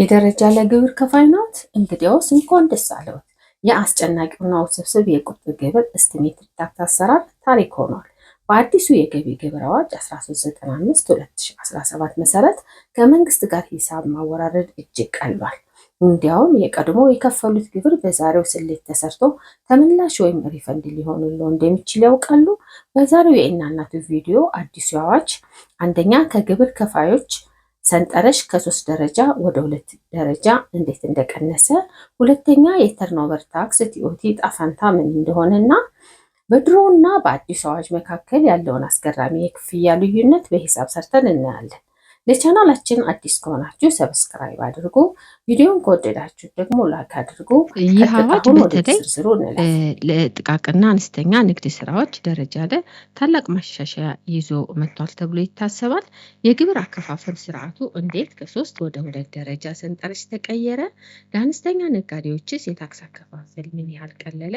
የደረጃ ለግብር ከፋይ ናት እንግዲያውስ እንኳን ደስ አለዎት! የአስጨናቂውና ውስብስብ የቁጥብ ግብር እስቲሜትድ ዳታ አሰራር ታሪክ ሆኗል። በአዲሱ የገቢ ግብር አዋጅ 1395/2017 መሰረት ከመንግስት ጋር ሂሳብ ማወራረድ እጅግ ቀሏል። እንዲያውም የቀድሞ የከፈሉት ግብር በዛሬው ስሌት ተሰርቶ ተመላሽ ወይም ሪፈንድ ሊሆንልዎ እንደሚችል ያውቃሉ? በዛሬው የእናናቱ ቪዲዮ አዲሱ አዋጅ አንደኛ ከግብር ከፋዮች ሰንጠረዥ ከሶስት ደረጃ ወደ ሁለት ደረጃ እንዴት እንደቀነሰ፣ ሁለተኛ የተርኖቨር ታክስ ቲኦቲ ጣፋንታ ምን እንደሆነ እና በድሮው በአዲሱ አዋጅ መካከል ያለውን አስገራሚ የክፍያ ልዩነት በሂሳብ ሰርተን እናያለን። ለቻናላችን አዲስ ከሆናችሁ ሰብስክራይብ አድርጉ። ቪዲዮን ከወደዳችሁ ደግሞ ላክ አድርጉ። ይህ አዋጅ በተለይ ለጥቃቅና አነስተኛ ንግድ ስራዎች ደረጃ ላይ ታላቅ ማሻሻያ ይዞ መጥቷል ተብሎ ይታሰባል። የግብር አከፋፈል ስርዓቱ እንዴት ከሶስት ወደ ሁለት ደረጃ ሰንጠረዥ ተቀየረ? ለአነስተኛ ነጋዴዎችስ የታክስ አከፋፈል ምን ያህል ቀለለ?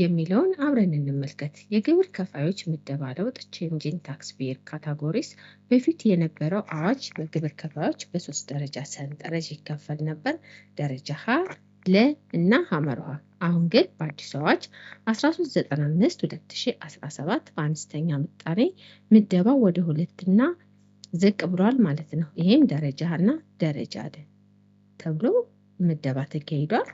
የሚለውን አብረን እንመልከት። የግብር ከፋዮች ምደባ ለውጥ ቼንጅን ታክስ ቤር ካታጎሪስ በፊት የነበረው አዋጅ በግብር ከፋዮች በሶስት ደረጃ ሰንጠረዥ ይከፈል ነበር። ደረጃ ሀ፣ ለ እና ሐመርሃ። አሁን ግን በአዲሱ አዋጅ 1395 2017 በአነስተኛ ምጣኔ ምደባ ወደ ሁለትና ዝቅ ብሏል ማለት ነው። ይህም ደረጃ እና ደረጃ ለ ተብሎ ምደባ ተካሂዷል።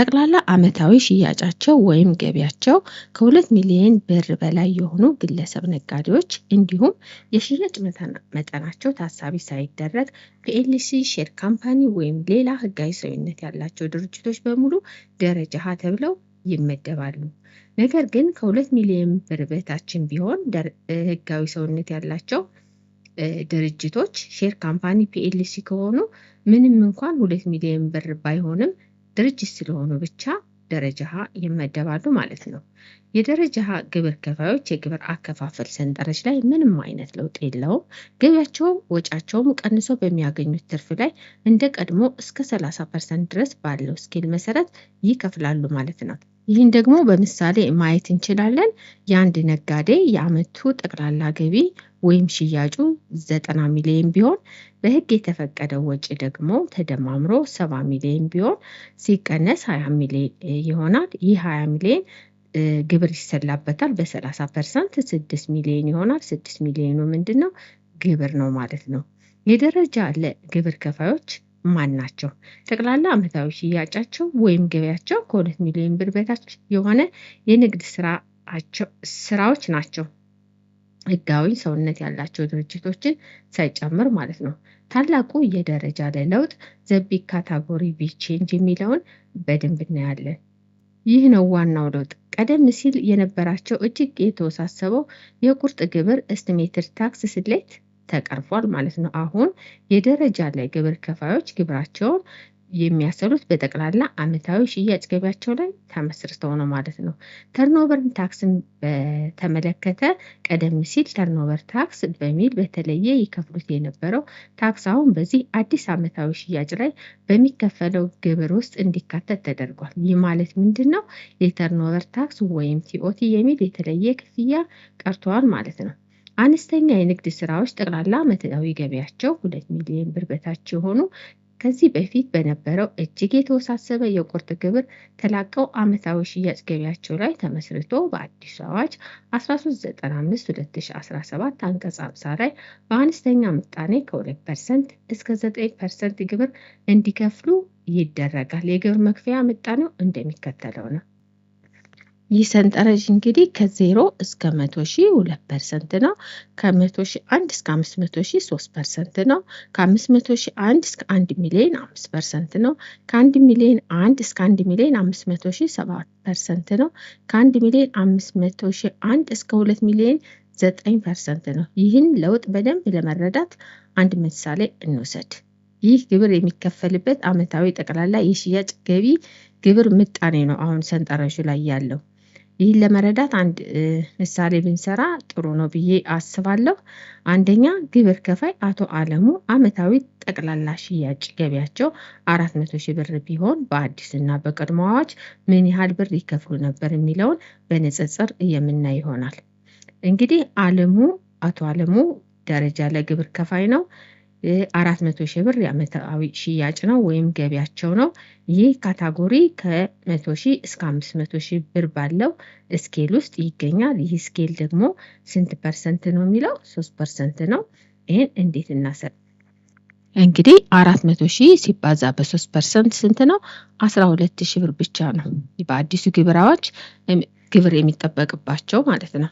ጠቅላላ ዓመታዊ ሽያጫቸው ወይም ገቢያቸው ከሁለት ሚሊዮን ብር በላይ የሆኑ ግለሰብ ነጋዴዎች እንዲሁም የሽያጭ መጠናቸው ታሳቢ ሳይደረግ ፒኤልሲ ሼር ካምፓኒ ወይም ሌላ ሕጋዊ ሰውነት ያላቸው ድርጅቶች በሙሉ ደረጃ ሀ ተብለው ይመደባሉ። ነገር ግን ከሁለት ሚሊዮን ብር በታችን ቢሆን ሕጋዊ ሰውነት ያላቸው ድርጅቶች ሼር ካምፓኒ ፒኤልሲ ከሆኑ ምንም እንኳን ሁለት ሚሊዮን ብር ባይሆንም ድርጅት ስለሆኑ ብቻ ደረጃ ሀ ይመደባሉ ማለት ነው። የደረጃ ሀ ግብር ከፋዮች የግብር አከፋፈል ሰንጠረዥ ላይ ምንም አይነት ለውጥ የለውም። ገቢያቸውም ወጫቸውም ቀንሶ በሚያገኙት ትርፍ ላይ እንደ ቀድሞ እስከ 30 ፐርሰንት ድረስ ባለው ስኬል መሰረት ይከፍላሉ ማለት ነው። ይህን ደግሞ በምሳሌ ማየት እንችላለን። የአንድ ነጋዴ የአመቱ ጠቅላላ ገቢ ወይም ሽያጩ 90 ሚሊዮን ቢሆን በህግ የተፈቀደው ወጪ ደግሞ ተደማምሮ 70 ሚሊዮን ቢሆን ሲቀነስ 20 ሚሊዮን ይሆናል። ይህ 20 ሚሊዮን ግብር ይሰላበታል። በ30 ፐርሰንት 6 ሚሊዮን ይሆናል። 6 ሚሊዮኑ ምንድን ነው? ግብር ነው ማለት ነው። የደረጃ ለግብር ከፋዮች ማን ናቸው? ጠቅላላ ዓመታዊ ሽያጫቸው ወይም ገቢያቸው ከሁለት ሚሊዮን ብር በታች የሆነ የንግድ ስራዎች ናቸው። ህጋዊ ሰውነት ያላቸው ድርጅቶችን ሳይጨምር ማለት ነው። ታላቁ የደረጃ ላይ ለውጥ ዘቢ ካታጎሪ ቢ ቼንጅ የሚለውን በደንብ እናያለን። ይህ ነው ዋናው ለውጥ። ቀደም ሲል የነበራቸው እጅግ የተወሳሰበው የቁርጥ ግብር ኤስቲሜትድ ታክስ ስሌት ተቀርፏል ማለት ነው። አሁን የደረጃ ላይ ግብር ከፋዮች ግብራቸውን የሚያሰሉት በጠቅላላ አመታዊ ሽያጭ ገቢያቸው ላይ ተመስርተው ነው ማለት ነው። ተርኖቨርን ታክስን በተመለከተ ቀደም ሲል ተርኖቨር ታክስ በሚል በተለየ ይከፍሉት የነበረው ታክስ አሁን በዚህ አዲስ አመታዊ ሽያጭ ላይ በሚከፈለው ግብር ውስጥ እንዲካተት ተደርጓል። ይህ ማለት ምንድን ነው? የተርኖቨር ታክስ ወይም ቲኦቲ የሚል የተለየ ክፍያ ቀርተዋል ማለት ነው። አነስተኛ የንግድ ስራዎች ጠቅላላ ዓመታዊ ገቢያቸው ሁለት ሚሊዮን ብር በታች የሆኑ ከዚህ በፊት በነበረው እጅግ የተወሳሰበ የቁርጥ ግብር ተላቀው ዓመታዊ ሽያጭ ገቢያቸው ላይ ተመስርቶ በአዲሱ አዋጅ 1395/2017 አንቀጽ 50 ላይ በአነስተኛ ምጣኔ ከ2 ፐርሰንት እስከ 9 ፐርሰንት ግብር እንዲከፍሉ ይደረጋል። የግብር መክፈያ ምጣኔው እንደሚከተለው ነው። ይህ ሰንጠረዥ እንግዲህ ከዜሮ እስከ መቶ ሺ ሁለት ፐርሰንት ነው። ከመቶ ሺ አንድ እስከ አምስት መቶ ሺ ሶስት ፐርሰንት ነው። ከአምስት መቶ ሺ አንድ እስከ አንድ ሚሊዮን አምስት ፐርሰንት ነው። ከአንድ ሚሊዮን አንድ እስከ አንድ ሚሊዮን አምስት መቶ ሺ ሰባት ፐርሰንት ነው። ከአንድ ሚሊዮን አምስት መቶ ሺ አንድ እስከ ሁለት ሚሊዮን ዘጠኝ ፐርሰንት ነው። ይህን ለውጥ በደንብ ለመረዳት አንድ ምሳሌ እንውሰድ። ይህ ግብር የሚከፈልበት አመታዊ ጠቅላላ የሽያጭ ገቢ ግብር ምጣኔ ነው። አሁን ሰንጠረዡ ላይ ያለው ይህን ለመረዳት አንድ ምሳሌ ብንሰራ ጥሩ ነው ብዬ አስባለሁ። አንደኛ ግብር ከፋይ አቶ አለሙ አመታዊ ጠቅላላ ሽያጭ ገቢያቸው አራት መቶ ሺህ ብር ቢሆን በአዲስና በቀድሞ አዋጅ ምን ያህል ብር ይከፍሉ ነበር የሚለውን በንጽጽር የምናይ ይሆናል። እንግዲህ አለሙ አቶ አለሙ ደረጃ ለግብር ከፋይ ነው። አራት መቶ ሺህ ብር የዓመታዊ ሽያጭ ነው ወይም ገቢያቸው ነው። ይህ ካታጎሪ ከመቶ ሺህ እስከ አምስት መቶ ሺህ ብር ባለው ስኬል ውስጥ ይገኛል። ይህ ስኬል ደግሞ ስንት ፐርሰንት ነው የሚለው ሶስት ፐርሰንት ነው። ይህን እንዴት እናሰር? እንግዲህ አራት መቶ ሺህ ሲባዛ በሶስት ፐርሰንት ስንት ነው? አስራ ሁለት ሺህ ብር ብቻ ነው በአዲሱ ግብር አዋጅ ግብር የሚጠበቅባቸው ማለት ነው።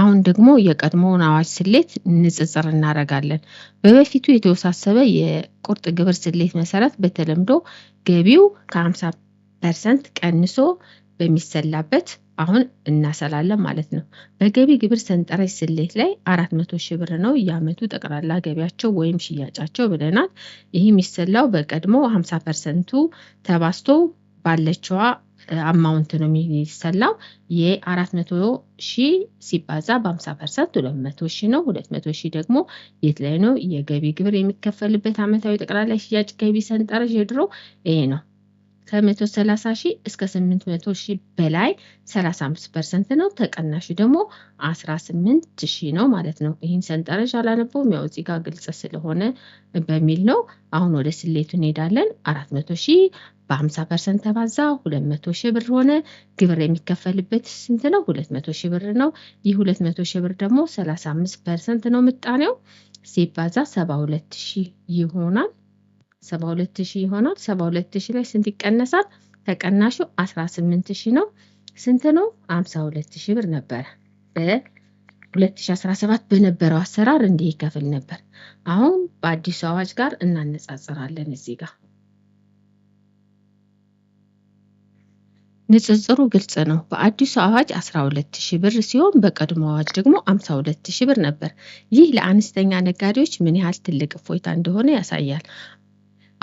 አሁን ደግሞ የቀድሞውን አዋጅ ስሌት ንጽጽር እናደርጋለን። በበፊቱ የተወሳሰበ የቁርጥ ግብር ስሌት መሰረት በተለምዶ ገቢው ከ50 ፐርሰንት ቀንሶ በሚሰላበት አሁን እናሰላለን ማለት ነው። በገቢ ግብር ሰንጠረዥ ስሌት ላይ አራት መቶ ሺህ ብር ነው የአመቱ ጠቅላላ ገቢያቸው ወይም ሽያጫቸው ብለናል። ይህ የሚሰላው በቀድሞ ሀምሳ ፐርሰንቱ ተባስቶ ባለችዋ አማውንት ነው የሚሰላው። የአራት መቶ ሺህ ሲባዛ በአምሳ ፐርሰንት ሁለት መቶ ሺህ ነው። ሁለት መቶ ሺህ ደግሞ የት ላይ ነው የገቢ ግብር የሚከፈልበት አመታዊ ጠቅላላ ሽያጭ ገቢ ሰንጠረዥ የድሮ ይሄ ነው። ከመቶ ሰላሳ ሺህ እስከ ስምንት መቶ ሺህ በላይ ሰላሳ አምስት ፐርሰንት ነው። ተቀናሹ ደግሞ አስራ ስምንት ሺህ ነው ማለት ነው። ይህን ሰንጠረዥ አላነበውም ያው እዚህ ጋር ግልጽ ስለሆነ በሚል ነው። አሁን ወደ ስሌቱ እንሄዳለን። አራት መቶ ሺህ በ50 ፐርሰንት ተባዛ 200 ሺህ ብር ሆነ። ግብር የሚከፈልበት ስንት ነው? 200 ሺህ ብር ነው። ይህ 200 ሺህ ብር ደግሞ 35 ፐርሰንት ነው ምጣኔው ሲባዛ 72 ሺህ ይሆናል። 72 ሺህ ይሆናል። 72 ሺህ ላይ ስንት ይቀነሳል? ተቀናሹ 18 ሺህ ነው። ስንት ነው? 52 ሺህ ብር ነበረ በ2017 በነበረው አሰራር እንዲህ ይከፍል ነበር። አሁን በአዲሱ አዋጅ ጋር እናነጻጽራለን እዚህ ጋር ንጽጽሩ ግልጽ ነው። በአዲሱ አዋጅ 12 ሺህ ብር ሲሆን በቀድሞ አዋጅ ደግሞ 52 ሺህ ብር ነበር። ይህ ለአነስተኛ ነጋዴዎች ምን ያህል ትልቅ እፎይታ እንደሆነ ያሳያል።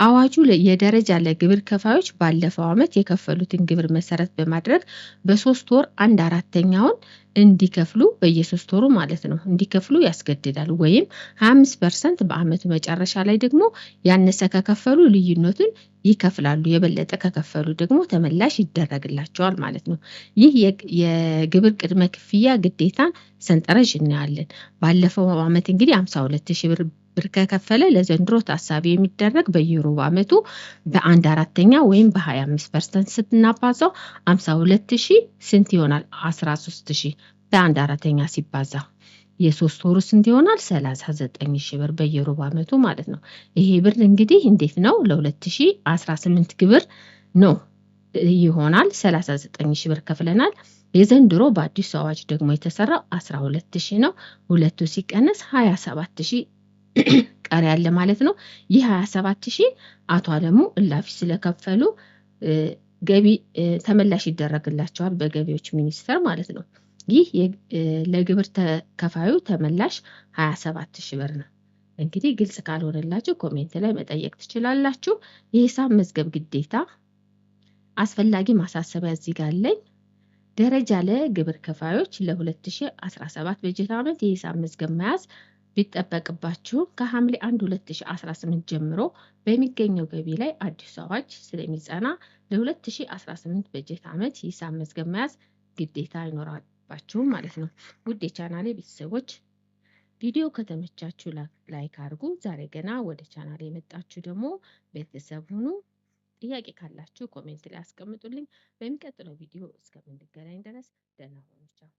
አዋጁ የደረጃ ለግብር ከፋዮች ባለፈው ዓመት የከፈሉትን ግብር መሰረት በማድረግ በሶስት ወር አንድ አራተኛውን እንዲከፍሉ በየሶስት ወሩ ማለት ነው እንዲከፍሉ ያስገድዳል። ወይም 25 ፐርሰንት በዓመቱ መጨረሻ ላይ ደግሞ ያነሰ ከከፈሉ ልዩነቱን ይከፍላሉ፣ የበለጠ ከከፈሉ ደግሞ ተመላሽ ይደረግላቸዋል ማለት ነው። ይህ የግብር ቅድመ ክፍያ ግዴታን ሰንጠረዥ እናያለን። ባለፈው ዓመት እንግዲህ 52 ሺህ ብር ብር ከከፈለ ለዘንድሮ ታሳቢ የሚደረግ በየሩብ ዓመቱ በአንድ አራተኛ ወይም በሀያ አምስት ፐርሰንት ስትናባዛው ሀምሳ ሁለት ሺ ስንት ይሆናል? አስራ ሶስት ሺ በአንድ አራተኛ ሲባዛ የሶስት ወሩ ስንት ይሆናል? ሰላሳ ዘጠኝ ሺ ብር በየሩብ ዓመቱ ማለት ነው። ይሄ ብር እንግዲህ እንዴት ነው ለሁለት ሺ አስራ ስምንት ግብር ነው ይሆናል። ሰላሳ ዘጠኝ ሺ ብር ከፍለናል። የዘንድሮ በአዲሱ አዋጅ ደግሞ የተሰራው አስራ ሁለት ሺ ነው። ሁለቱ ሲቀነስ ሀያ ሰባት ሺ ቀሪ ያለ ማለት ነው። ይህ 27 ሺህ አቶ አለሙ እላፊ ስለከፈሉ ገቢ ተመላሽ ይደረግላቸዋል በገቢዎች ሚኒስቴር ማለት ነው። ይህ ለግብር ተከፋዩ ተመላሽ 27 ሺህ ብር ነው። እንግዲህ ግልጽ ካልሆነላችሁ ኮሜንት ላይ መጠየቅ ትችላላችሁ። የሂሳብ መዝገብ ግዴታ አስፈላጊ ማሳሰቢያ እዚህ ጋር አለኝ። ደረጃ ለግብር ከፋዮች ለ2017 በጀት ዓመት የሂሳብ መዝገብ መያዝ ቢጠበቅባችሁ ከሐምሌ 1 2018 ጀምሮ በሚገኘው ገቢ ላይ አዲሱ አዋጅ ስለሚጸና ለ2018 በጀት ዓመት ሂሳብ መዝገብ መያዝ ግዴታ አይኖራባችሁም ማለት ነው። ውድ የቻናሌ ቤተሰቦች ቪዲዮ ከተመቻችሁ ላይክ አድርጉ። ዛሬ ገና ወደ ቻናሌ የመጣችሁ ደግሞ ቤተሰብ ሁኑ። ጥያቄ ካላችሁ ኮሜንት ላይ አስቀምጡልኝ። በሚቀጥለው ቪዲዮ እስከምንገናኝ ድረስ ደህና ሁኑ።